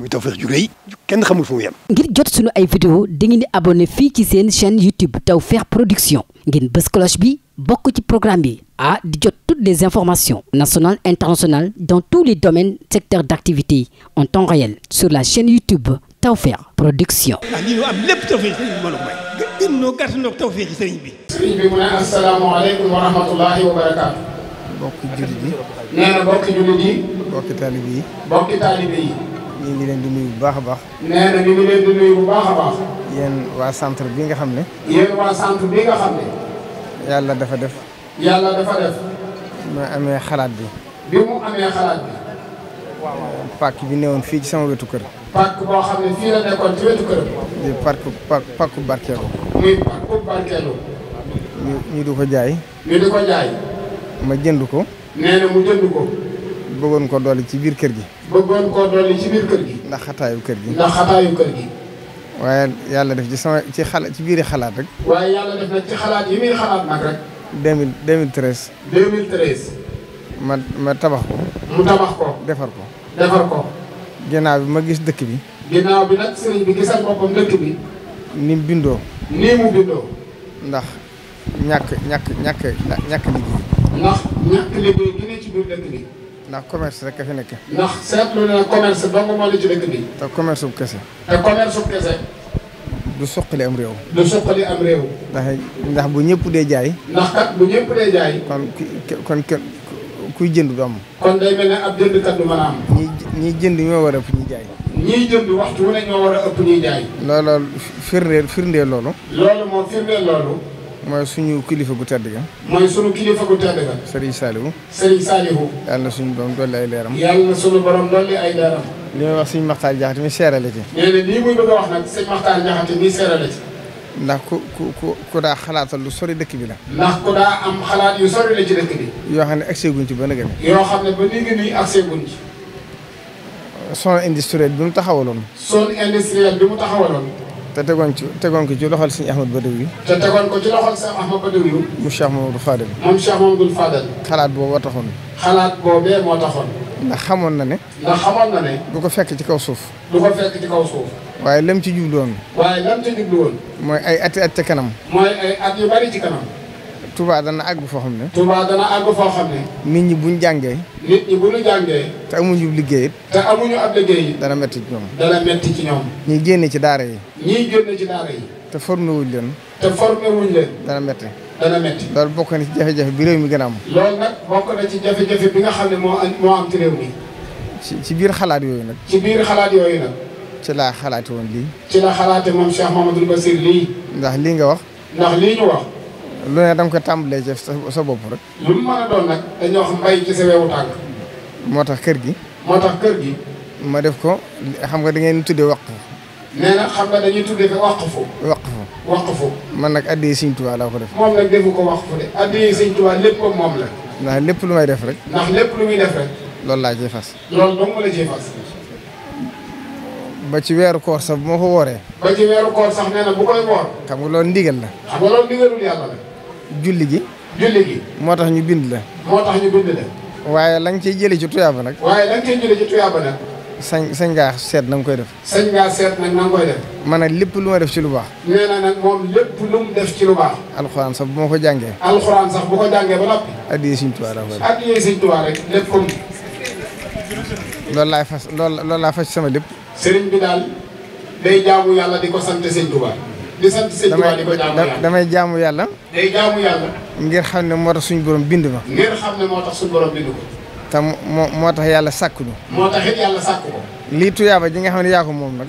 muy Tawfekh ju rëy kenn xamul fu mu yem. ngir jot sunu ay vidéo dangeen di abonné fii ci seen chaîne YouTube Tawfekh Production ngeen bës cloche bi bokk ci programme bi ah di jot toutes les informations national internationales dans tous les domaines secteurs d'activité en temps réel sur la chaîne YouTube Tawfekh Production. ah lii am lépp Tawfekh sëriñ bi mbooloo mooy. gën ñoo gàtt ñoo Tawfekh bi. sëriñ bi jullit yi. nee na bokk jullit yi. bokk taalibe yi. bokk taalibe yi. ñu ngi leen di nuyu bu baax a baax. nee na ñu ngi di nuyu bu baax a baax. yéen waa centre bi nga xam ne. yéen waa centre bi nga xam ne. yàlla dafa def. yàlla dafa def. ma amee xalaat bi. bi mu amee xalaat bi. waaw pàcc bi newoon fii ci sama wetu kër. pàcc boo xam ne fii la nekkoon ci wetu kër. di pàcc pàcc barkeelu. muy pàccu barkeelu. ñu ñu di ko jaay. ñu di ko jaay. ma jënd ko. nee mu jënd ko. bëggoon ko dolli ci biir kër gi. bëggoon koo dolli ci biir kër gi. ndax xataayu kër gi. ndax xataayu kër gi. waaye yàlla def ci sama ci xalaat ci biiri xalaat rek. waaye yàlla def na ci xalaat yi muy xalaat nag rek. tabax ko. mu tabax defar ko. ginnaaw bi ma gis dëkk bi. ginnaaw gisal boppam dëkk bi. ni bindoo. nii mu bindoo. ndax ñàkk ñàkk ñàkk ñàkk liggéey. ndax ñàkk liggéey gi ne ci biir dëkk bi. ndax commerce rek a fi nekk. ndax seetlu na commerce dong moo la bi. te commerce bu kese. te commerce bu kese. du suqali am réew. du suqali am réew. ndax bu ñëpp dee jaay. ndax kat bu ñëpp dee jaay. kon kuy jënd du am. kon day mel ne ab jëndkat du am. ñi ñiy jënd ñoo war a ëpp ñuy jaay. ñiy jënd waxtu wu ne ñoo war a ëpp ñuy jaay. looloo loolu. loolu moom firndeel loolu. mooy suñu kilifa gu tedd ga. mooy suñu kilifa gu tedd ga. Serigne Saliou. Serigne Saliou. yàlla suñu borom dolli ay leeram. yàlla suñu borom dolli ay leeram. li may wax sëñ Maxtaar Jaxate mi seerale ci. nee wax nag sëñ Maxtaar Jaxate ndax ku daa xalaatal lu sori dëkk bi la. ndax ku daa am xalaat yu sori la ci dëkk bi. yoo xam ne accès guñ ci ba nëgën. yoo xam ne ba léegi nii accès guñ ci. zone industrielle bi mu taxawaloon. zone industrielle bi mu taxawaloon. te tegoon ci tegoon ko ci loxol sëñ Ahmad Badawi te tegoon ko ci loxol sëñ Ahmad Badawi mu Cheikh Mamadou Fadel moom Cheikh Mamadou xalaat boobu moo taxoon xalaat boobee moo taxoon ndax xamoon na ne ndax xamoon na ne du ko fekk ci kaw suuf du ko fekk ci kaw suuf waaye lam ci jublu woon waaye lam ci jublu woon mooy ay ati at ca kanam mooy ay at yu bari ci kanam Touba dana àgg foo xam ne. Touba dana àgg nit ñi buñ jàngee. nit te amuñu liggéey it. te amuñu ab liggéey dana métti ci ñoom. dana génne ci daara yi. ñiy génne ci daara yi. te formé wuñ leen. te formé leen. dana métti. dana métti loolu bokk na ci jafe-jafe bi réew mi gën a am. loolu ci jafe-jafe bi nga xam ne moo am moo am ci réew mi. ci ci biir xalaat yooyu nag. ci biir xalaat yooyu nag. ci laa xalaate woon lii. ci la xalaate moom Cheikh Mamadou Bassir lii. ndax lii nga wax. ndax lii wax. lu ne da nga koy tàmbalee ci sa bopp rek. lu mu mën a doon nag dañoo xam mbay ci sa wewu moo tax kër gi. moo tax kër gi. ma def ko xam nga da ngeen tuddee waqf. man nag addee Sëñ laa ko def. moom nag defu ko waqfu de addee Sëñ Tuubaa lépp moom la. ndax lépp lu may def rek. ndax lépp lu muy def rek. loolu laa ciy fas. loolu dong la ciy fas. ba ci weeru koor sax moo ko wooree. ba ci weeru koor sax nee na bu koy woor. xam nga loolu ndigal la. xam nga loolu ndigalul yàlla la. julli gi. julli gi. moo tax ñu bind la. moo tax ñu bind la. waaye la nga ciy jëlee ci tuyaaba nag. waaye la nga ciy ci tuyaaba nag. sañ sañ ngaa seet na koy def. sañ ngaa seet nag na koy def. ma ne lépp lu ma def ci lu baax. alxuraan sax bu ma ko jàngee. alxuraan sax bu ko jàngee ba noppi. addiyee Sëñ Tuubaa la ko. addiyee Sëñ laay fas loolu loolu fas sama lépp. sëriñ bi daal day jaamu yàlla di ko sant Sëñ Tuubaa. di sant damay jaamu yàlla. day ngir xam ne moo tax suñu borom bind ma. ngir xam ne moo tax suñu borom bind ko. tax yàlla sàkk ñu. moo tax yàlla sàkk ko. lii tuyaaba nga xam ne yaa moom nag.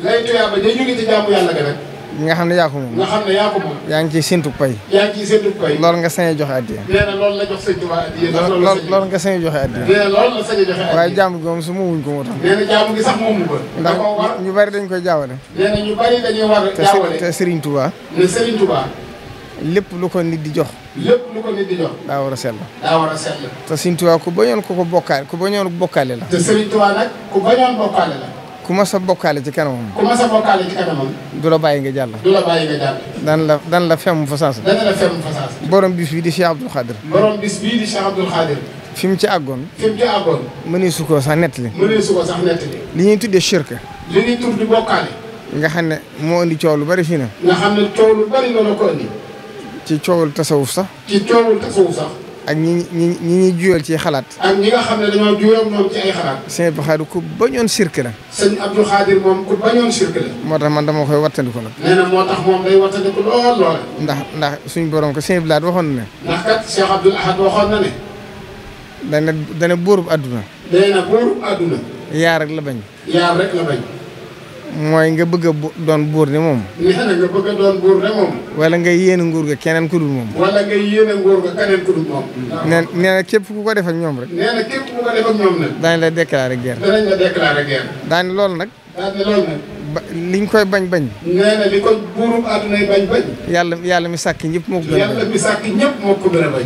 bi nga xam ne yaa ko moom. nga xam ne yaa ko moom. yaa ngi ciy séntu pay. yaa ngi ciy séntu pay. loolu nga sañ a joxe addiya. nee na loolu la jox sëñ Tuubaa addiya. loolu la loolu nga sañ a joxe addiya. nee na loolu la sañ a joxe addiya. waaye jaamu gi moom su ma wuñ ko moo tax. nee na jaamu gi sax moomu ko. ndax ñu bari dañ koy jaawale. nee na ñu bari dañuy war a jaawale. te Serigne Touba. ne Serigne Touba. lépp lu ko nit di jox. lépp lu ko nit di jox. daa war a sell. daa war a sell. te Serigne Touba ku bañoon ko ko bokkaale ku bañoon bokkaale la. te Serigne Touba nag ku bañoon bokkaale la ku sa bokkaale ci kanamam. ku du la bàyyi nga jàll. du la bàyyi nga jàll. daan la daan la fem fa borom bis bii di Cheikh Abdoul Khadir. borom fi mu ci àggoon. fi mu ci àggoon. mënee su ko sax sax nettali. li ñuy tuddee shirka. li ñuy tudd bokkaale. nga xam ne moo indi coow lu bari fii na xam ne coow lu bari loolu ko indi. ci coowul tasawuf sax. tasawuf sax. ak ñi ñi ñi ñuy juyal ci xalaat. ak ñi nga xam ne dañoo juyal moom ci ay xalaat. sëñ Abdou Khadir ku bañoon cirque la. sëñ Abdou moom ku bañoon cirque moo tax man dama koy wattandiku nag. nee moo tax moom day wattandiku lool lool. ndax ndax suñu borom ko sëñ Abdou Lahad waxoon na ne. ndax kat Cheikh Abdoul Ahad waxoon na ne. dana dana buurub àdduna. nee na buurub yaar rek la bañ. yaar rek la bañ. mooy nga bëgg a doon buur ne moom. nee na nga bëgg a doon buur ne moom. wala nga yéene nguur ga keneen ku dul moom. wala nga yéene nguur ga keneen ku moom. nee képp ku ko def ñoom rek. nee la déclaré guerre. danañ la nag. liñ koy bañ bañ. nee na ko buurub àdduna bañ bañ. yàlla yàlla mi sàkk ñëpp moo bañ. yàlla mi sàkk ñëpp moo ko bañ.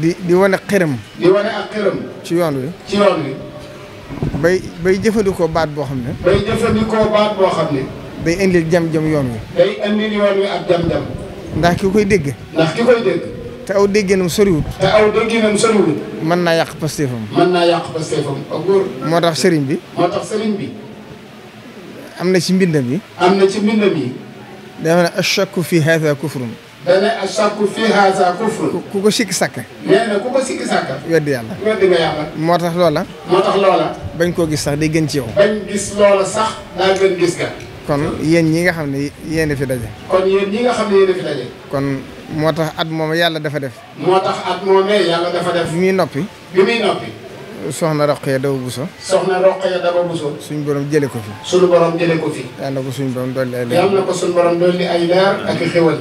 di di wane xërëm. di wane ak xërëm. ci yoon wi. ci yoon wi. bay bay jëfandikoo baat boo xam ne. bay jëfandikoo baat boo xam ne. day indil jam-jam yoon wi. day indil yoon wi ak jam-jam. ndax ki koy dégg. ndax ki koy dégg. te aw dégginam soriwut. te aw dégginam soriwut. mën naa yàq pasteefam. mën naa yàq pasteefam moo tax sëriñ bi. moo am na ci mbindam yi. am na ci mbindam yi. dama ne ashakku fi haada kufrun. dane ak sàkku fii haasa kufr ku ko sikki sàkk nee ku ko sikki sàkk weddi yàlla weddi nga yàlla moo tax loola moo tax bañ koo gis sax day gën ci yow bañ gis loola sax daa gën gis ga kon yéen ñi nga xam ne yéen fi daje kon yéen ñi nga xam ne yéen fi daje kon moo tax at moom yàlla dafa def moo tax at moomee yàlla dafa def bi muy noppi bi muy noppi soxna Roqaya Daba Bousso. soxna Roqaya Daba Bousso. suñ borom jëlee ko fi. suñu borom jëlee ko fi. yal na ko ko suñ borom dolli ay leer ak xéwal.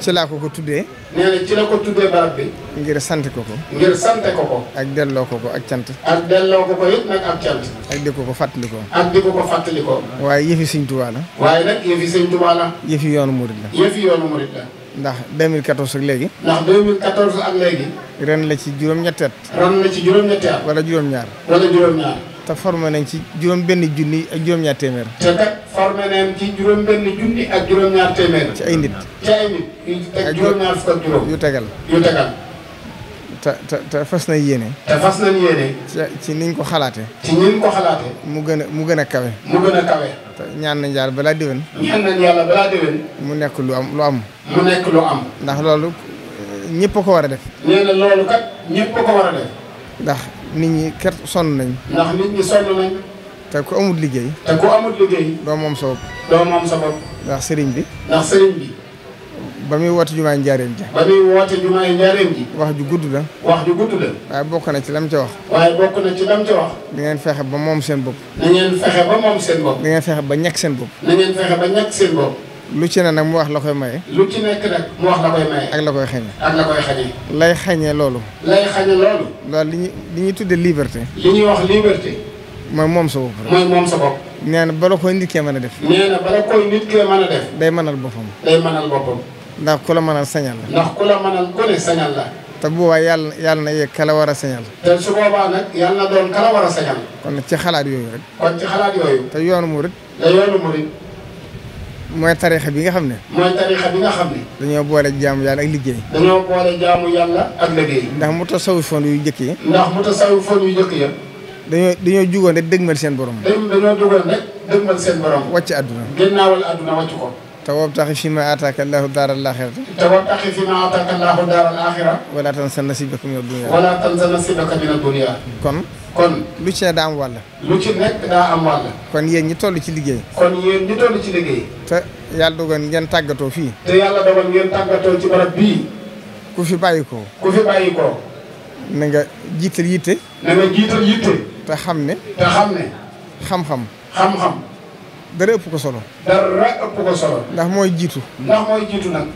ci laa ko ko tuddee. nee na ci la ko tuddee barab bi. ngir sant ko ko. ngir sant ko ko. ak delloo ko ko ak cant. ak delloo ko ko it nag ak cant. ak di ko ko fàttalikoo. ko waaye yëfi Sëñ Tuubaa waaye nag yëfi Sëñ Tuubaa yëfi yoonu Murid la. yëfi yoonu Murid la. ndax 2014 ak léegi. ndax 2014 ak léegi. ren la ci juróom-ñetti at. ren juróom wala juróom-ñaar. wala juróom-ñaar. nañ ci juróom-benn junni ak juróom-ñaar téeméer. te kat formé nañ ci juróom-benn junni ak juróom-ñaar téeméer. ci ay nit. ci ay nit yu teg juróom-ñaar fukk juróom. yu tegal yu tegal. te te fas na yéene. te fas nañ yéene. ci niñ ko xalaate ci niñ ko xalaatee. mu gën a mu gën a kawe. mu gën a kawe. ñaan nañ yàlla balaa déwén. ñaan nañ yàlla balaa déwén. mu nekk lu am lu am. mu nekk lu am. ndax loolu ñépp ko war a def. nee loolu kat ñëpp ko war a def. ndax nit ñi kat sonn nañ. ndax nit ñi sonn nañ. te ku amul liggéey. te ku amul liggéey. doo moom sa bopp. doo moom ndax sëriñ bi. ndax sëriñ bi. ba muy woote jumaay njaareem ji. ba muy woote wax ju gudd la. wax ju gudd la. waaye bokk na ci lam ca wax. waaye bokk na ci lam ca wax. da ngeen ba moom seen bopp. na ngeen fexe ba moom seen bopp. da ngeen fexe ba ñàkk seen bopp. na ngeen fexe ba ñàkk seen bopp. lu ci ne nag mu wax la koy maye. lu ci nekk nag mu wax la koy maye. ak la koy xañee. ak la lay xañee loolu. lay xañee loolu. loolu li ñuy tuddee liberté. li ñuy wax liberté. mooy moom soo bopp. mooy moom sa bopp. nee bala koy nit kee mën a def. nee na bala koy nit kee mën a def. day mënal boppam. boppam. ndax ku la mënal sañal la. ndax ku la mënal ku ne sañal la. te bu yàlla yàlla na yegg kala war a sañal. te su nag yàlla na doon kala war a sañal. kon ci xalaat yooyu rek. kon mooy tariixa bi nga xam ne. mooy tariixa bi nga xam ne. dañoo boole jaamu yàlla ak liggéey. dañoo boole jaamu yàlla ak liggéey. ndax mu tasawufoon yu jëkk yi. ndax mu tasawufoon yu jëkk ya. dañoo dañoo jugoon rek dëgmal seen borom. dañoo jugoon rek dëgmal seen borom. wàcc àdduna. gannaawal àdduna wàcc ko. te wabtaxi fi ma aataaka allahu daara al axirata te wabtaxi fi ma aataaka allahu daara al axira wala tansa nasibaka min adunia wala tansa nasibaka min adunia kon kon lu ci ne daa am wàll lu ci nekk daa am wàll kon yéen ñi toll ci liggéey kon yéen ñi ci liggéey te yàlla dogal ngeen tàggatoo fii te yàlla dogal ngeen tàggatoo ci barab bii ku fi bàyyi ko ku bàyyi ko na nga jiital yitte na nga yitte te xam ne te xam ne xam-xam dara ëpp ko solo. dara ëpp ko solo. ndax mooy jiitu. ndax mooy jiitu nag.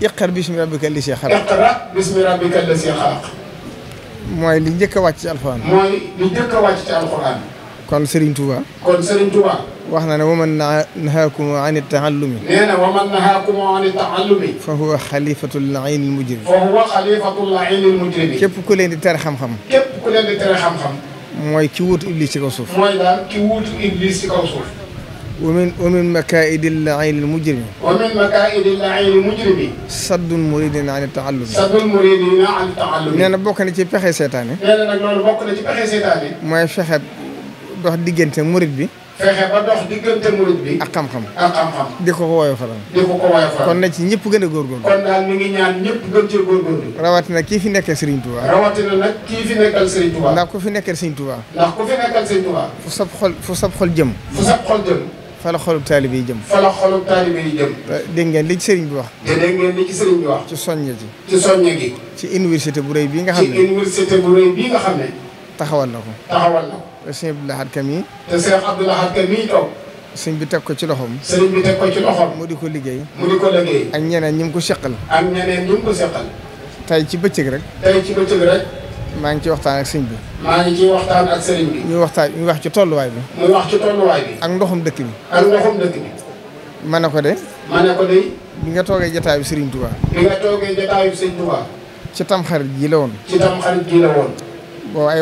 iqar bismi rabbika lasi xalaq. iqra bismi rabbika lasi xalaq. mooy li njëkk a wàcc ci alxuraan. mooy li njëkk a wàcc ci alxuraan. kon Serigne Touba. kon Serigne Touba. wax na ne waman nahaakum an taallumi. nee na waman nahaakum an taallumi. fa huwa xalifatul lain al mujrim. fa huwa xalifatul lain al mujrim. képp ku leen di tere xam-xam. képp ku leen di tere xam-xam. mooy ki wuutu Iblis ci kaw suuf. mooy daal ki wuutu Iblis ci kaw suuf. wa min wa min makaa'idi l-la'iini l-mujrimi. wa min makaa'idi l-la'iini an ta'allumi. saddun bokk na ci pexe seetaan yi. na bokk na ci pexe seetaan yi. mooy fexe dox diggante murid bi. fexe ba dox diggante murid ak xam-xam ak ko ko ko ko woyofalal. kon na ci ñëpp gën a góorgóorlu. kon daal mi ngi ñaan ñëpp gën cee góorgóorlu. rawatina kii fi nekkee Serigne Touba. rawatina nag kii fi nekkal Serigne Touba. ndax ku fi nekkal Serigne Touba. ndax ku fi fu sab xol fu fa la xolub taalibe yi jëm. fa la xolub euh, ngeen li ci sëriñ bi wax. te dégg li ci sëriñ bi wax. ci soñña ji. ci soñña gi. ci université bu rëy bii nga xam ne. ci université bu taxawal na ko. taxawal na ko. te sëñ Abdou Lahad Ka mii. te sëñ Abdou Lahad Ka mii toog. sëñ bi teg ko ci loxoom. sëriñ bi teg ko ci loxoom. mu di ko liggéey. mu di ak ñeneen ñu ngi ko seqal. ak ñeneen ñu ko seqal. tey ci bëccëg rek. tey ci bëccëg rek. maa ngi ci waxtaan ak sëñ bi. maa ngi ciy waxtaan sëriñ bi. ñuy waxtaan ñuy wax ci tolluwaay bi. muy ak ndoxum dëkk bi. ak ndoxum dëkk bi. ma ne ko de. ma de. bi nga toogee jataayu bi sëriñ Touba. ci tamxarit ji la woon. ci tamxarit ji la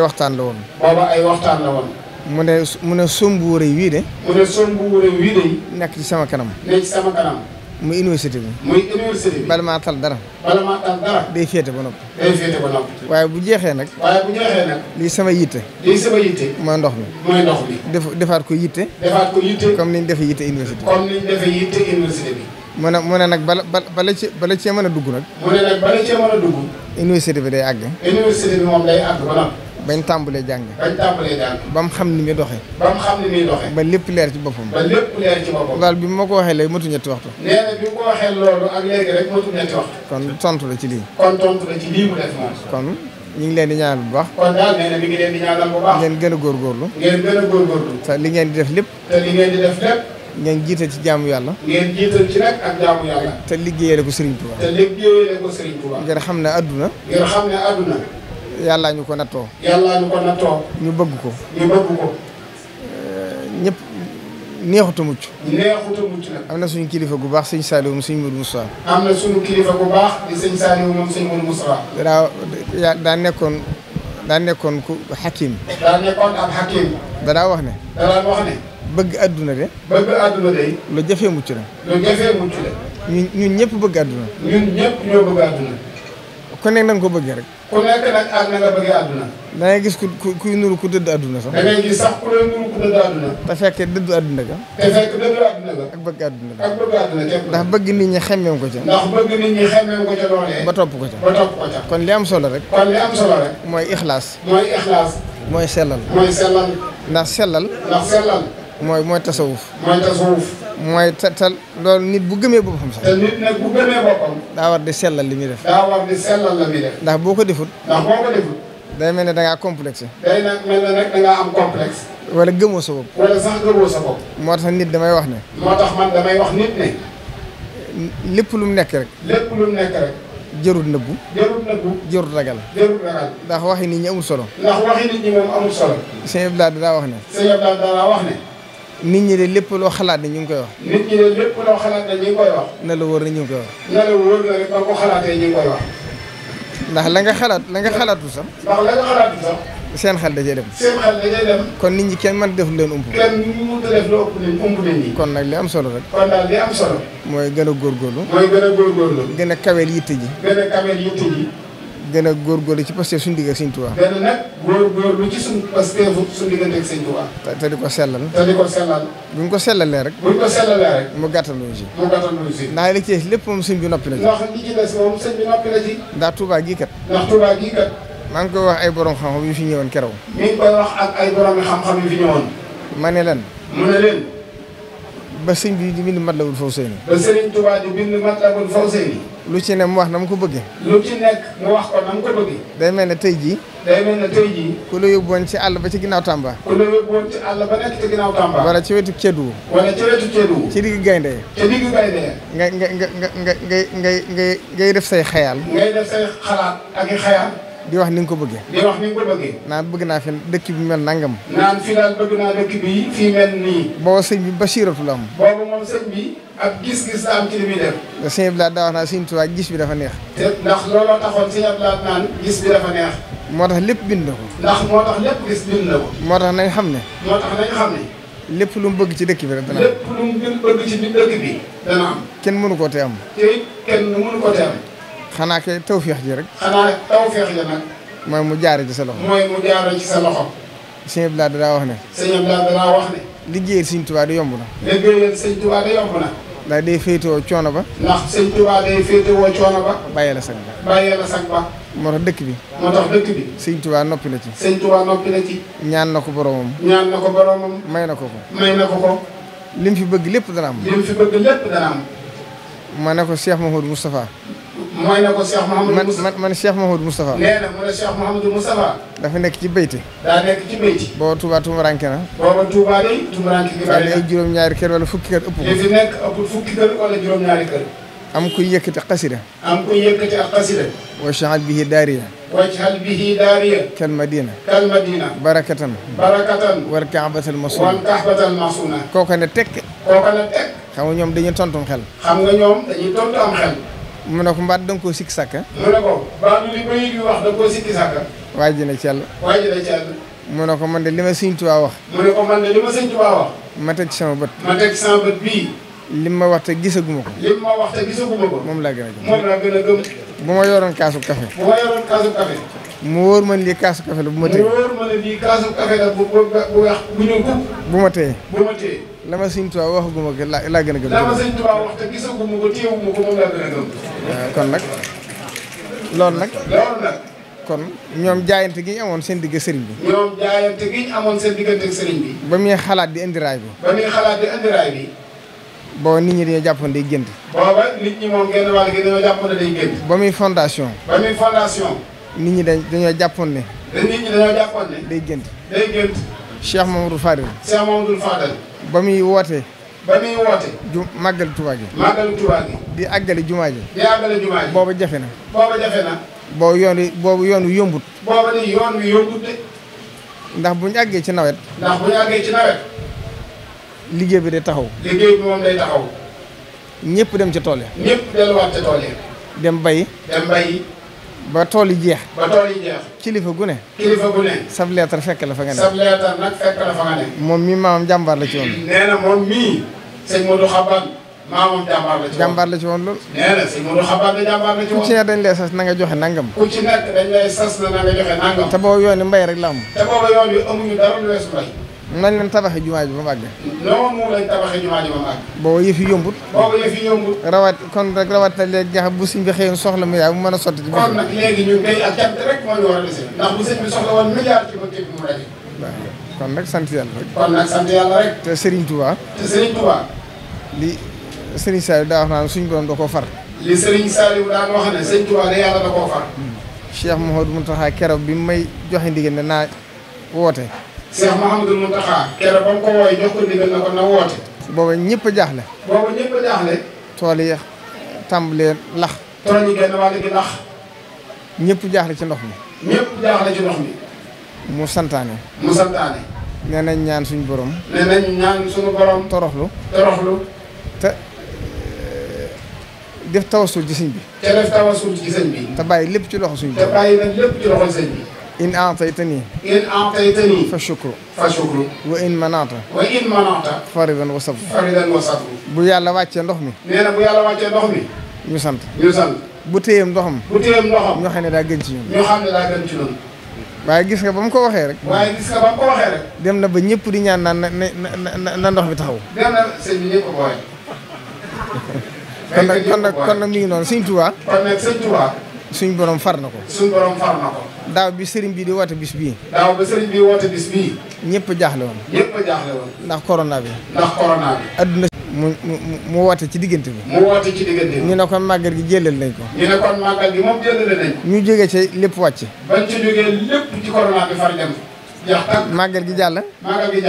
waxtaan la woon. booba ay waxtaan la woon. mu ne mu ne wii de. mu ne sombu wóoree wii de. nekk ci sama kanam. nekk sama kanam. muy université bi. muy université bi. bala maa tal dara. bala maa tal dara. day féete ba noppi. day féete ba noppi. waaye bu jeexee nag. waaye bu jeexee nag. lii sama yitte. lii sama yitte. mooy ndox mi. mooy ndox mi. defaat ko yitte. defaat ko yitte. comme ni ñu yitte université bi. mu ne mu ne nag bala bala cee bala cee mën a dugg nag. mu ne nag bala cee mën a dugg. université bi day àgg. université bi moom day àgg ba noppi. bañ tàmbalee jàng. bañ tàmbalee jàng. ba mu xam ni muy doxee. ba mu xam ni muy doxee. ba lépp leer ci boppam. ba lépp leer ci boppam. daal bi ma ko waxee léegi matu ñetti waxtu. nee na ma ko waxee loolu ak léegi rek matu ñetti waxtu. kon tontu la ci lii. mu def moom. kon ñu ngi leen di ñaanal bu baax. kon daal nee na mi leen di ñaanal bu baax. ngeen gën a góorgóorlu. ngeen gën a góorgóorlu. te li ngeen di def lépp. te li ngeen di def lépp. ngeen jiital ci jaamu yàlla. ngeen jiital xam ne àdduna. yàlla ñu ko nattoo. yàllaa ñu bëgg ko. ñu bëgg ko. Eh, ñëpp neexuta mucc. neexuta mucc nag. am na suñu kilifa gu baax sëñ Saliou moom sëñ Modou Moustapha. am na suñu kilifa gu baax di sëñ Saliou moom sëñ Modou Moustapha. daa yaa daa nekkoon daa nekkoon ku xakim. daa nekkoon ab xakim. danaa wax ne. danaa wax ne. bëgg àdduna de. bëgg àdduna de. lu jafee mucc la. lu jafee mucc la. ñun ñun bëgg àdduna. ñun ñëpp ñoo bëgg àdduna. ku nekk na nga ko bëggee rek. ku nekk nag ak na nga bëggee àdduna. da ngay gis ku kuy nuru ku dëdd àdduna sax. da gis sax ku lay nuru ku dëdd àdduna. te fekk dëdd àdduna ga. ak bëgg àdduna ga. ak bëgg àdduna képp. ndax bëgg nit ñi xemmeem ko ca. ndax bëgg ba topp ko ca. kon li am solo rek. kon mooy ixlaas. mooy ixlaas. mooy sellal. mooy sellal. ndax sellal. ndax sellal. mooy mooy tasawuf. mooy tasawuf. mooy te te loolu nit bu gëmee boppam sax. te nit nag bu gëmee def. daa boo ko defut. day mel ne da ngaa complexe. day nag bopp. wala sax bopp. moo damay wax ne. moo tax man nit ne. lépp nekk rek. lépp lu solo. ndax waxi nit ñi solo. sëñ Abdoulaye dinaa wax ne. sëñ Abdoulaye wax ne. nit ñi de lépp loo xalaat ne ñu ngi koy wax. nit ñi de lépp loo xalaat ne ñu ngi koy wax. na la wóor na ñu ngi koy wax. na la wóor na rek ba ko xalaatee ñu ngi koy wax. ndax la nga xalaat la nga xalaatu sax. ndax la nga xalaatu sax. seen xel dajay dem. seen xel dajay dem. kon nit ñi kenn mën def lu leen ump. kenn mënut a def lu ëpp leen ump nit ñi. kon nag li am solo rek. kon daal li am solo. mooy gën a góorgóorlu. mooy gën a góorgóorlu. gën a kaweel yitte ji. gën a kaweel yitte ji. gën a góorgóorlu ci pasteef ci suñ pasteef suñu diggante ak sëñ Tuubaa di ko sellal te di ko sellal bu rek mu gàttal ñu mu si ndax li lépp moom sëñ noppi na ci ndax li bi noppi na ci ndax gii kat ndax maa ngi koy wax ay borom xam-xam yu fi ñëwoon keroog mi koy wax ak ay borom xam-xam yu fi ñëwoon ma mu ne leen ba sëñ bi di bind Matlabul Fawzayni. ba Serigne Touba di bind Matlabul Fawzayni. lu ci ne mu wax na mu ko bëggee. lu ci nekk mu wax ko na mu ko bëggee. day mel ne tey jii. day mel ne tey jii. ku la yóbbuwoon ci àll ba ci ginnaaw Tamba. ku la yóbbuwoon ci àll ba nekk ci ginnaaw Tamba. wala ci wetu Ceddu. ci wetu Ceddu. ci digg gaynde. ci digg gaynde. nga nga nga nga ngay ngay def say xayaal. ngay def say xalaat ak i xayaal. di wax ni ko bëggee. naan bëgg naa fi dëkk bi mel nangam. naan fi bëgg naa dëkk bi fii mel nii. booba sëñ bi basiratu la am. booba moom sëñ bi ab gis-gis am ci daa wax gis bi dafa neex. te ndax looloo taxoon sëñ Abdou Lahad naan gis bi dafa neex. moo tax lépp bind na ko. ndax moo tax lépp gis bind ko. moo tax nañ xam ne. moo tax nañ xam ne. lépp lu mu bëgg ci dëkk bi rek bi dana kenn mënu ko te am. te kenn mënu ko te am. xanaa kay tawféex ji rek. xanaa ji nag. mooy mu jaare ji sa loxo. mooy mu jaare ci wax ne. sëñ Abdoulaye danaa wax ne. liggéeyal sëñ Tuubaa yomb na. ndax day féetewoo coono ba. ndax sëñ Tuubaa day ba. bàyyee la sag ba. moo tax dëkk bi. moo tax dëkk bi. sëñ Tuubaa noppi na ci. sëñ Tuubaa noppi na ci. ñaan na ko boromam. ñaan na may na ko ko. may na ko ko. lim fi bëgg lépp dana am. lim ma ne ko Cheikh Mouhamadou Moustapha. mooy na ko Cheikh Mouhamadou Moustapha man man Cheikh Mouhamadou Moustapha. nee na mu ne Cheikh Mouhamadou Moustapha. dafa nekk ci béyti. daa nekk ci béyti. booba Touba Toumaranke na. booba Touba day Toumaranke gi bari na. juróom-ñaari kër wala fukki kër ëpp. li fi nekk ëpp fukki kër wala juróom-ñaari kër. am kuy yëkkati xasida. am kuy yëkkati ak xasida. wajhal bihi daariya. wajhal bihi daariya. kal madina. kal madina. barakatan. barakatan. war kaabatal masuna. war kaabatal masuna. kooka ne tekk. kooka ne tekk. xam nga ñoom dañuy tontum xel. xam nga ñoom dañuy tontu am xel. mu ne ko mbaat da koo sikki sàkka mu ne ko mbaat li ko yëg wax da koo sikki sàkka waaji na ci yàlla waaji ko man de li ma sëñ Tuubaa wax li ma sëñ Tuubaa wax ma teg ci sama bët ma teg sama bët bii li ma wax te gisaguma ko li ma wax te gisaguma ko moom laa gën a gëm bu ma yoroon kaasu café bu ma yoroon kaasu café mu wóor ma ne lii kaasu café la bu ma téye bu ma téye la ma sëñ Tuubaa wax gu ma laa gën a gëm. la ma sëñ ko téewu euh, kon nag loolu nag. loolu nag. kon ñoom jaayante gi amoon seen digg sëriñ bi. ñoom jaayante gi amoon seen diggante sëriñ bi. ba muy xalaat di indi raay bi. ba muy xalaat di indi raay bi. boo nit ñi dañoo jàppoon day gént. booba nit ñi dañoo jàppoon ne nit ñi dañ jàppoon ne. nit ñi dañoo jàppoon ne. day gént. day gént. Cheikh Mamadou Fadel. Cheikh Mamadou Fadel. ba muy wootee. ba muy woote. ju màggal Tuubaa gi. màggal Tuubaa gi. di àggale jumaa ji. di àggale jumaa ji. booba jafe na. booba jafe na. boobu yoon wi boobu yoon wi yombut. de. ndax bu ñu àggee ci nawet. ndax bu ñu àggee ci nawet. liggéey bi day taxaw. liggéey bi moom day taxaw. ñëpp dem ci tool yi. ñëpp delluwaat ca tool yi. dem bayi. dem ba tool yi jeex. ba tool yi jeex. kilifa gu ne. leetar fekk la fa nga ne. sab leetar nag fekk la fa ne. moom mii maamam jàmbaar la ci woon. nee na moom mii. sëñ Modou Xaban la ci woon. jàmbaar la ci woon lool. nee na sëñ la ci woon. ku ci ne dañ lay sas na nga joxe nangam. ku ci nekk dañ lay sas na nga joxe nangam. te boobu yoon yi mbay rek la am. te boobu yoon yi amuñu dara lu weesu mbay. nañ leen tabaxee jumaa kon rek rawat na léegi nga xam mu yaay a sotti. ci biir kon nag léegi ñun kay ak cant rek bi mu sant yàlla rek. te Serigne Touba. te Serigne Touba. li Serigne Saliou daa wax naan suñ borom da koo far. li Serigne Saliou daan wax ne sëñ Touba de yàlla da koo far. Cheikh Mouhamadou Mountakha keroog bi may joxe ndigal ne naa woote Cheikh Mouhamadul Mountakha keroog ba mu ko wooyee jox ko ndigal na ko na woote. booba ñëpp a jaaxle. booba ñëpp a jaaxle. tool yi tàmbalee lax. tool yi genn wàll lax. ñëpp jaaxle ci ndox mi. ñëpp jaaxle ci ndox mi. mu santaane. mu santaane. nee ñaan suñu borom. nee nañ ñaan suñu borom. toroxlu. toroxlu. te eh, def tawasul ci sëñ bi. te def tawasul ci sëñ bi. te bàyyi lépp ci loxo suñu borom. te bàyyi lépp ci loxo sëñ bi. in aataytani in aataytani fa shukru fa shukru wa in manaata wa in manaata faridan wa sabru bu yàlla wàccee ndox mi nee na bu yàlla ndox mi ñu xam ne daa gën ci ñun waaye gis nga ba mu ko waxee rek waaye dem na ba ñëpp di ñaan naan na ndox mi taxaw dem na sëñ bi ñëpp ko waxee kon nag kon nag kon nag mi ngi noonu sëñ Tuubaa kon nag suñ borom far na ko. suñ daaw bi sëriñ bii di woote bis bii. ñëpp jaaxle woon. ñëpp jaaxle woon. ndax corona bi. adduna mu mu woote ci diggante bi. mu woote ci diggante bi. ñu ne kon màggal gi jëlal nañ ko. ñu ne kon màggal gi jëlal nañ ko. ñu jógee ci lépp wàcc. bañ ci jógee lépp ci corona far dem. jeex tàkk. gi jàll. màggal gi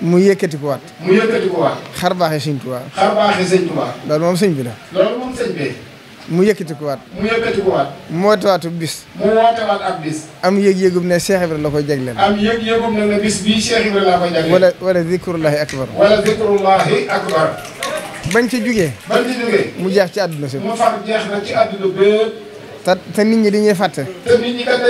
mu yëkkati ko waat. mu yëkkati ko sëñ loolu moom sëñ bi la. loolu moom sëñ bi. mu yëkkati ko waat mu yëkkati ko waat mu wootewaatu bis mu wootewaat ak bis am yëg-yëgum ne Cheikh Ibrahima la koy jagleel am yëg-yëgum ne bis bii Cheikh Ibrahima la koy jagleel wala wala zikrullahi akbar wala zikrullahi akbar bañ ci jugee bañ ci jugee mu jeex ci àdduna si mu far jeex na ci àdduna bépp te te nit ñi dañuy fàtte te nit ñi kat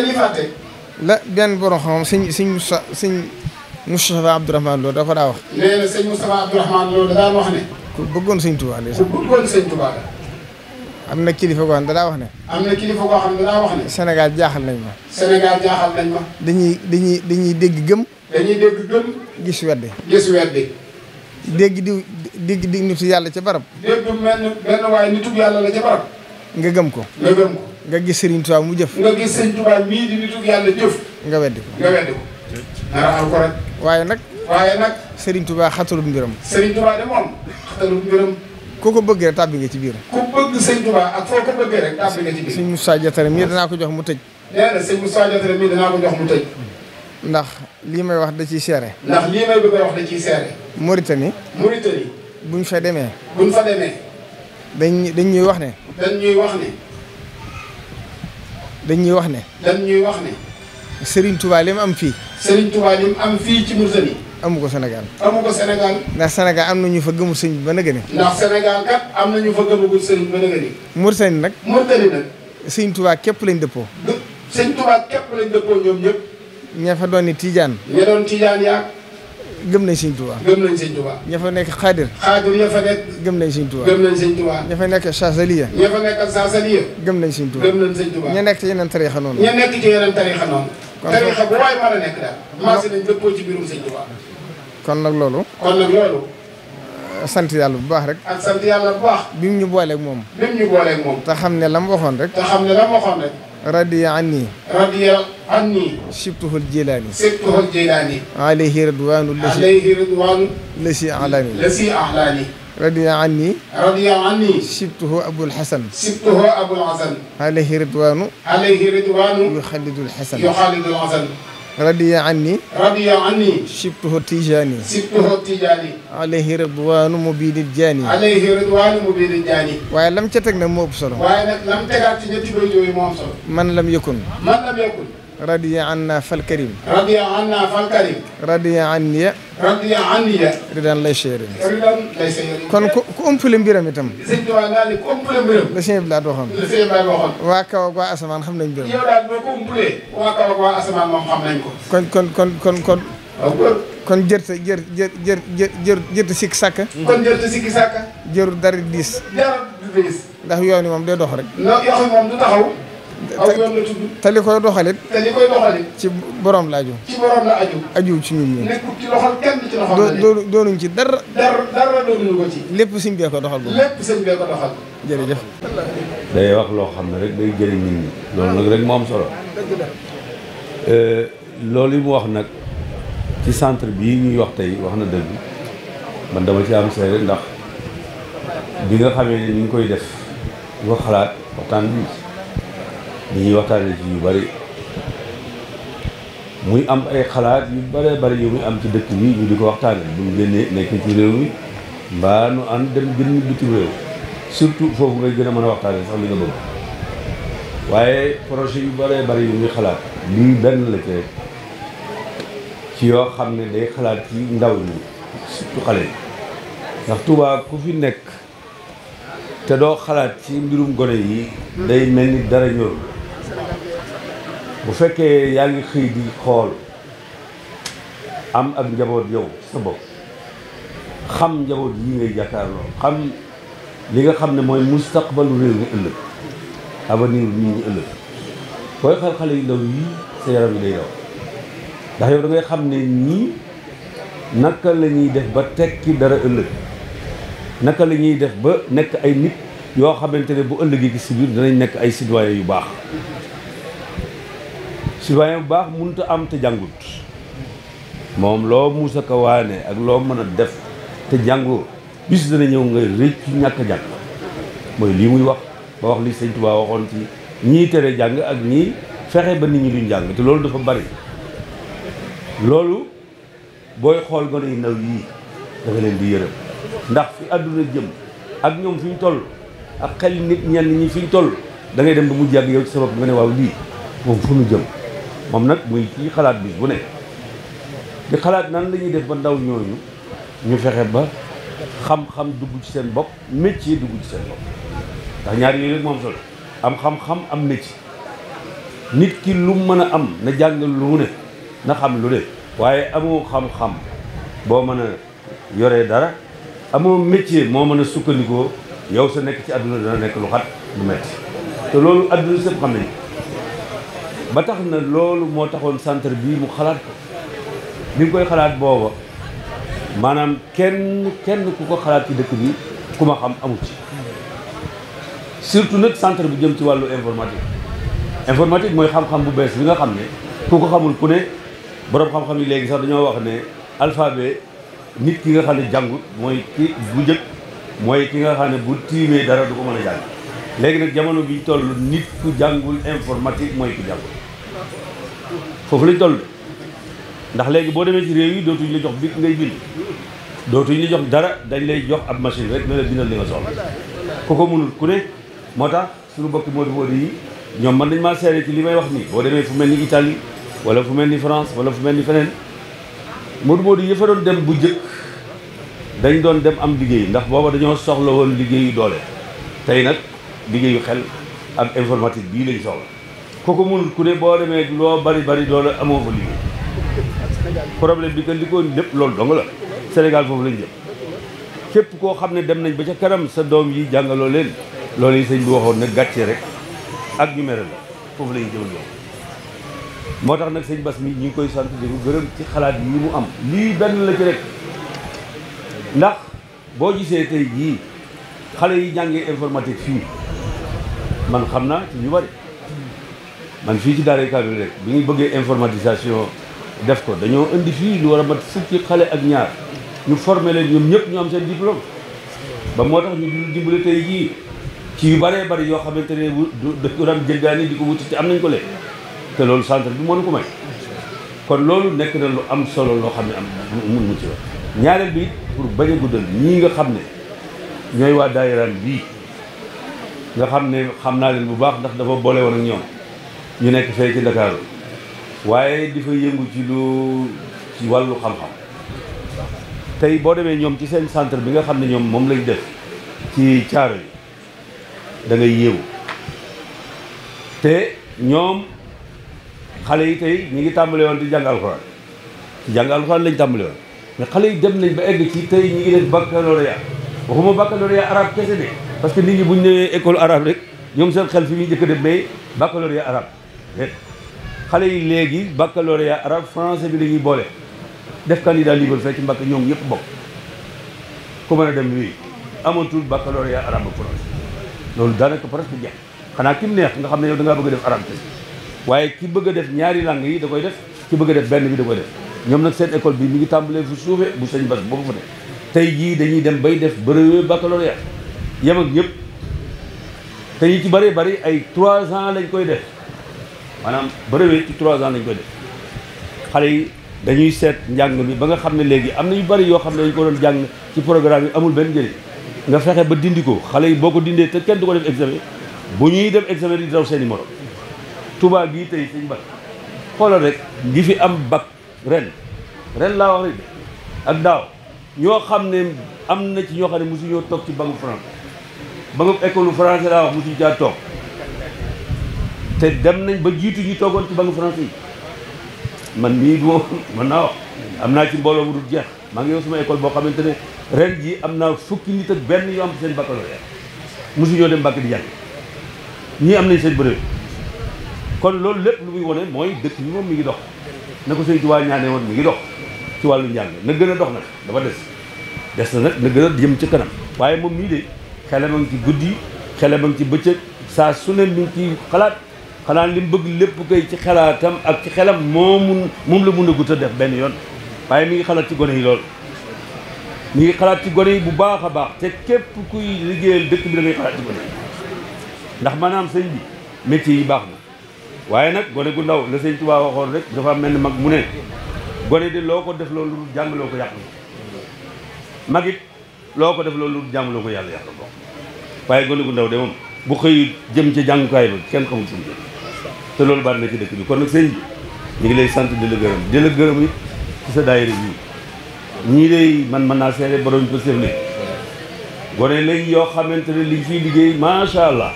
la benn borom xam suñ suñ sa lool da ko daa wax nee na sëñ Moustapha Abdourahmane loolu da daan wax ne ku bëggoon sëñ Tuubaa ku am na kilifa goo xam ne daa wax ne. am na xam ne daa wax ne. jaaxal nañ ma. Sénégal jaaxal nañ ma. dañuy dégg gëm. dañuy dégg gëm. gis weddi. gis weddi. dégg diw dégg di yàlla ci barab. dégg mel benn waaye nitu yàlla la barab. nga gëm ko. nga gëm ko. nga gis Serigne Touba mu jëf. nga gis Serigne Touba mii di nitu yàlla jëf. nga weddi nga weddi ko. dara am ko rek. waaye nag. waaye nag. Serigne Touba xatalul mbiram. Serigne Touba de moom xatalul mbiram. ku ko bëggee tàbbi nga ci biir ku bëgg sëñ Tuubaa ak foo ko bëggee rek tàbbi nga ci biir sëñ danaa ko jox mu tëj nee danaa ko jox mu tëj ndax lii may wax da ciy seere ndax lii may bëgg wax da ciy seere Mauritanie Mauritanie buñ fa demee buñ fa demee dañ dañ ñuy wax ne dañ ñuy wax ne dañ ñuy wax ne dañ ñuy wax ne Serigne Touba am fii Serigne Touba am fii ci Mauritanie amu ko Sénégal. amu ko Sénégal. ndax Sénégal am na ñu fa gëmul sëñ bi ba nga ni. ndax Sénégal kat am na ñu fa gëmagul sëñ bi ba nga ni. Mauritanie nag. Mauritanie nag. sëñ Touba képp lañ dëppoo. du sëñ Touba képp lañ dëppoo ñoom ñëpp. ña fa doon ni Tidiane. ña doon Tidiane yaa. gëm nañ sëñ Touba. gëm nañ sëñ Touba. ña fa nekk Xaadir. Xaadir ña fa nekk. gëm nañ sëñ Touba. gëm nañ sëñ Touba. ña fa nekk Saasaliya. ña fa nekk Saasaliya. gëm nañ sëñ Touba. gëm nañ sëñ Touba. ña nekk ci yeneen tariixa noonu. ña nekk ci yeneen tariixa noonu. kon tariixa bu waay mën a nekk daal. maase nañ dëppoo ci biirum sëñ Touba. kon nag loolu. kon nag loolu. Eh, sant yàlla bu baax rek. ak sant yàlla bu baax. bi mu ñu booleeg moom. bi mu ñu booleeg moom. te xam ne la mu waxoon rek. te xam ne la mu waxoon rek. radiya anni. radiya anni. sibtuhul jilaani. sibtuhul jilaani. alayhi ridwaanu. alayhi ridwaanu. la si alaani. la si alaani. radiya anni. radiya anni. sibtuhu abul xasan. sibtuhu abul xasan. alayhi ridwaanu. alayhi ridwaanu. yuxalidul xasan. yuxalidul xasan. radiya anni radiya anni sibtuhu tijaani sibtuhu tijaani alayhi ridwaanu mubiinil jaani alayhi ridwaanu mubiinil jaani waaye lam ca teg nag moo ëpp solo waaye nag lam tegaat ci ñetti bay yooyu moo am solo man lam yakun man lam yakun radiya anna fal karim radiya anna fal karim kon ku ëmpale mbiram itam sëñ Tuubaa naa ne ku la sëñ Abdoulaye waxoon la sëñ Abdoulaye waxoon waa kaw ak xam nañ mbiram kon kon kon kon kon kon jërta jër jër diis dara diis yoon yi moom day dox aw yoon la tudd te li koy doxalit te li koy doxalit ci borom la aju ci borom la aju aju ci ñun ñi nekkul ci loxol kenn ci loxol doo doonuñ ci dara dara dara doonuñu ko ci lépp sëñ bee ko doxal boobu lépp sëñ bee ko doxal jërëjëf day wax loo xam ne rek day jëriñ nit ñi loolu nag rek moo am solo euh, loolu yi mu wax nag ci centre bii ñuy wax tey wax na dëgg man dama ci am seere ndax bi nga xamee ne ñu ngi koy def ñu ko xalaat waxtaan bi dañuy waxtaane ci yu bari muy am ay xalaat yu bare bari yu muy am ci dëkk bi ñu di ko waxtaanee bu ñu génnee nekk ci réew mi mbaa nu ànd dem génn bitim réew surtout foofu ngay gën a mën a waxtaane sax li nga bëgg waaye projet yu bare bari yu muy xalaat lii benn la ci rek ci yoo xam ne day xalaat ci ndaw ñi surtout xale yi ndax Tuubaa ku fi nekk te doo xalaat ci mbirum gone yi day mel ni dara ñëw bu fekkee yaa ngi xëy di xool am ak njaboot yow sa bopp xam njaboot yi ngay jàkkaarloo xam li nga xam ne mooy mustaqbalu réew mi ëllëg avenir nit ñi ëllëg booy xel xale yu ndaw yi sa yaram yi day daw ndax yow da ngay xam ne ñii naka la ñuy def ba tekki dara ëllëg naka la ñuy def ba nekk ay nit yoo xamante ne bu ëllëgee ci si biir danañ nekk ay citoyen yu baax citoyen bu baax mënut am te jàngut moom loo muusa ka ak loo mën a def te jàngoo bis dana ñëw nga rëccu ñàkk a jàng mooy lii muy wax ba wax li sëñ Tuubaa waxoon ci ñii tere jàng ak ñii fexe ba nit ñi duñ jàng te loolu dafa bari loolu booy xool gone yu ndaw yii da nga leen di yërëm ndax fi àdduna jëm ak ñoom fi ñu toll ak xel nit ñenn ñi fi ñu toll da ngay dem ba mu jàng yow ci sabab nga ne waaw lii moom fu ñu jëm moom nag muy kii xalaat bi bu ne di xalaat nan lañuy def ba ndaw ñooñu ñu fexe ba xam-xam dugg ci seen bopp métier dugg ci seen bopp ndax ñaar yooyu rek moom sol am xam-xam am métier nit ki lu mën a am na jàng lu ne na xam lu ne waaye amoo xam-xam boo mën a yoree dara amoo métier moo mën a sukkandikoo yow sa nekk ci àdduna dana nekk lu xat lu metti te loolu àdduna sëpp xam nañu ba tax na loolu moo taxoon centre bii mu xalaat ko bi mu koy xalaat booba maanaam kenn kenn ku ko xalaat ci dëkk bi ku ma xam amu ci surtout nag centre bu jëm ci wàllu informatique informatique mooy xam-xam bu bees bi nga xam ne ku ko xamul ku ne boroom xam-xam yi léegi sax dañoo wax ne alphabet nit ki nga xam ne jàngu mooy ki bu njëkk mooy ki nga xam ne bu tiimee dara du ko mën a jàng léegi nag jamono bi toll nit ku jàngul informatique mooy ku jàngul foofu lañ toll ndax léegi boo demee ci réew yi dootuñ la jox bi ngay bind dootuñ la jox dara dañ lay jox ab machine rek ne la bindal li nga soxla ku ko mënul ku ne moo tax suñu bokki moodu yi ñoom mën nañ maa seere ci li may wax nii boo demee fu mel ni Italie wala fu mel ni France wala fu mel ni feneen moodu moodu yi fa doon dem bu jëkk dañ doon dem am liggéey ndax booba dañoo soxla woon liggéeyu doole tey nag liggéeyu xel ak informatique bii lañ soxla kooku mënul ku ne boo demee loo bari bari loolu amoo fa liggéey problème bi que li ko lépp loolu dong la Sénégal foofu lañ jëm képp koo xam ne dem nañ ba ca kanam sa doom yi jàngaloo leen loolu yi sëñ bi waxoon nag gàcce rek ak ñu mere la foofu lañ jëm yow moo tax nag sëñ Bas mi ñu ngi koy sant di ko gërëm ci xalaat yi mu am lii benn la ci rek ndax boo gisee tey jii xale yi jàngee informatique fii man xam naa ci ñu bari man fii ci daaray Kaamil rek bi ñu bëggee informatisation def ko dañoo indi fii lu war a mat fukki xale ak ñaar ñu formé leen ñoom ñëpp ñu am seen diplôme ba moo tax ñu dimbale tey jii ci yu bëree bëri yoo xamante ne du ko daan jëggaani di ko wuti ci am nañ ko lee te loolu centre bi mënu ko may kon loolu nekk na lu am solo loo xam ne am mun mu ci wax ñaareel bi pour bañ a guddal ñii nga xam ne ñooy waa daayiraan bii nga xam ne xam naa leen bu baax ndax dafa boole woon ak ñoom ñu nekk fee ci Dakar waaye di fa yëngu ci lu ci wàllu xam-xam tey boo demee ñoom ci seen centre bi nga xam ne ñoom moom lañ def ci caaro yi dangay ngay te ñoom xale yi tey ñu ngi tàmbale woon di jàng alxuraan ci jàng alxuraan lañ tàmbale woon mais xale yi dem nañ ba egg ci tey ñu ngi leen baccalauréat waxuma baccalauréat arab kese de parce que nit ñi bu ñu ñëwee école arabe rek ñoom seen xel fi ñuy jëkk a dem mais baccalauréat arabe déet xale yi léegi baccalauréat arabe français bi dañuy boole def candidat libre fekk mbakk ñoom yëpp bokk ku mën a dem wii amatul baccalauréat arabe ba français loolu daanaka presque jeex xanaa ki mu neex nga xam ne yow dangaa bëgg a def arabe te waaye ki bëgg a def ñaari langue yi da koy def ki bëgg def benn bi da koy def ñoom nag seen école bi mi ngi tàmbalee fu suufee bu sëñ bas boobu fa ne tey jii dañuy dem bay def brevet baccalauréat yem ak ñëpp te yi ci bëree bari ay trois ans lañ koy def maanaam brevet ci trois ans lañ koy def xale yi dañuy seet njàng mi ba nga xam ne léegi am na ñu bëri yoo xam ne dañ ko doon jàng ci programme yi amul benn njëriñ nga fexe ba dindi ko xale yi boo ko dindee te kenn du ko def examen bu ñuy def examen di daw seen i morom Touba bii tey sëñ Mbacke xoolal rek ngi fi am bac ren ren laa wax rek ak daaw ñoo xam ne am na ci ñoo xam ne mosu ñoo toog ci bangu France ba nga école français laa wax mosuñu caa toog te dem nañ ba jiitu ñu toogoon ci ba nga yi man mii duma mën naa wax am naa ci mbooloo mu dul jeex maa ngi yow sama école boo xamante ne ren jii am naa fukki nit ak benn yoo am seen baccalauréat mosuñoo dem Mbàkke ñii am nañ seen brevet kon loolu lépp lu muy wone mooy dëkk bi moom mi ngi dox na ko Sëñ Tuubaa ñaane woon mi ngi dox ci wàllu njàng na gën a dox nag dafa des des na nag na gën a jëm ci kanam waaye moom mii de xelamam ci guddi xelamam ci bëccëg saa su ne mi ci xalaat xanaa li mu bëgg lépp kay ci xalaatam ak ci xelam moo mun moom la mun a gut a def benn yoon waaye mi ngi xalaat ci gone yi lool mi ngi xalaat ci gone bu baax a baax te képp kuy liggéeyal dëkk bi da ngay xalaat ci gone yi ndax maanaam sëñ bi métier yi baax na waaye nag gone gu ndaw la sëñ Tuubaa waxoon rek dafa mel ni mag mu ne gone de loo ko def loolu jàng loo ko yàq mag it loo ko def loolu jàmm loo ko yàlla yàlla ko waaye gone gu ndaw de bu xëy jëm ca jàngukaay ba kenn xamul fu mu te loolu bari na ci dëkk bi kon nag sëñ ñu ngi lay sant di la gërëm di la gërëm it ci sa daayira bi ñii lay man mën naa seede borom ko sëf ne gone lañ yoo xamante ne liñ fiy liggéey macha allah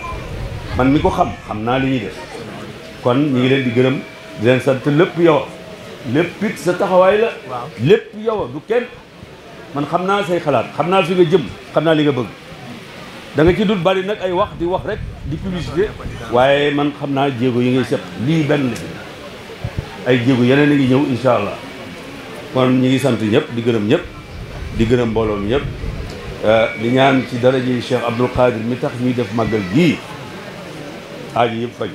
man mi ko xam xam naa li ñuy def kon ñu ngi leen di gërëm di leen sant lépp yow lépp sa taxawaay la lépp yow du kenn man xam naa say xalaat xam naa fi nga jëm xam naa li nga bëgg da nga ci dut bari nag ay wax di wax rek di publicité waaye man xam naa jéego yi ngay set lii benn ay jéego yeneen a ngi ñëw incha allah kon ñi ngi sant ñëpp di gërëm ñépp di gërëm mbooloom mi ñëpp euh, di ñaan ci daraje yi Cheikh Abdoul Qadir mi tax ñuy def màggal gii aajo yëpp faj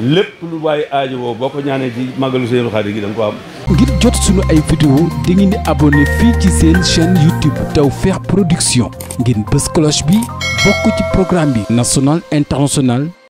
lépp lu waaye aajo woo boo ko ñaanee ci màggalu Sëñ Abdoul Qadir gi da ko am ngir jot suñu ay vidéo di ngeen di abonné fii ci seen chaîne YouTube Tawfekh Production ngeen bës cloche bi bokk ci programme bi national international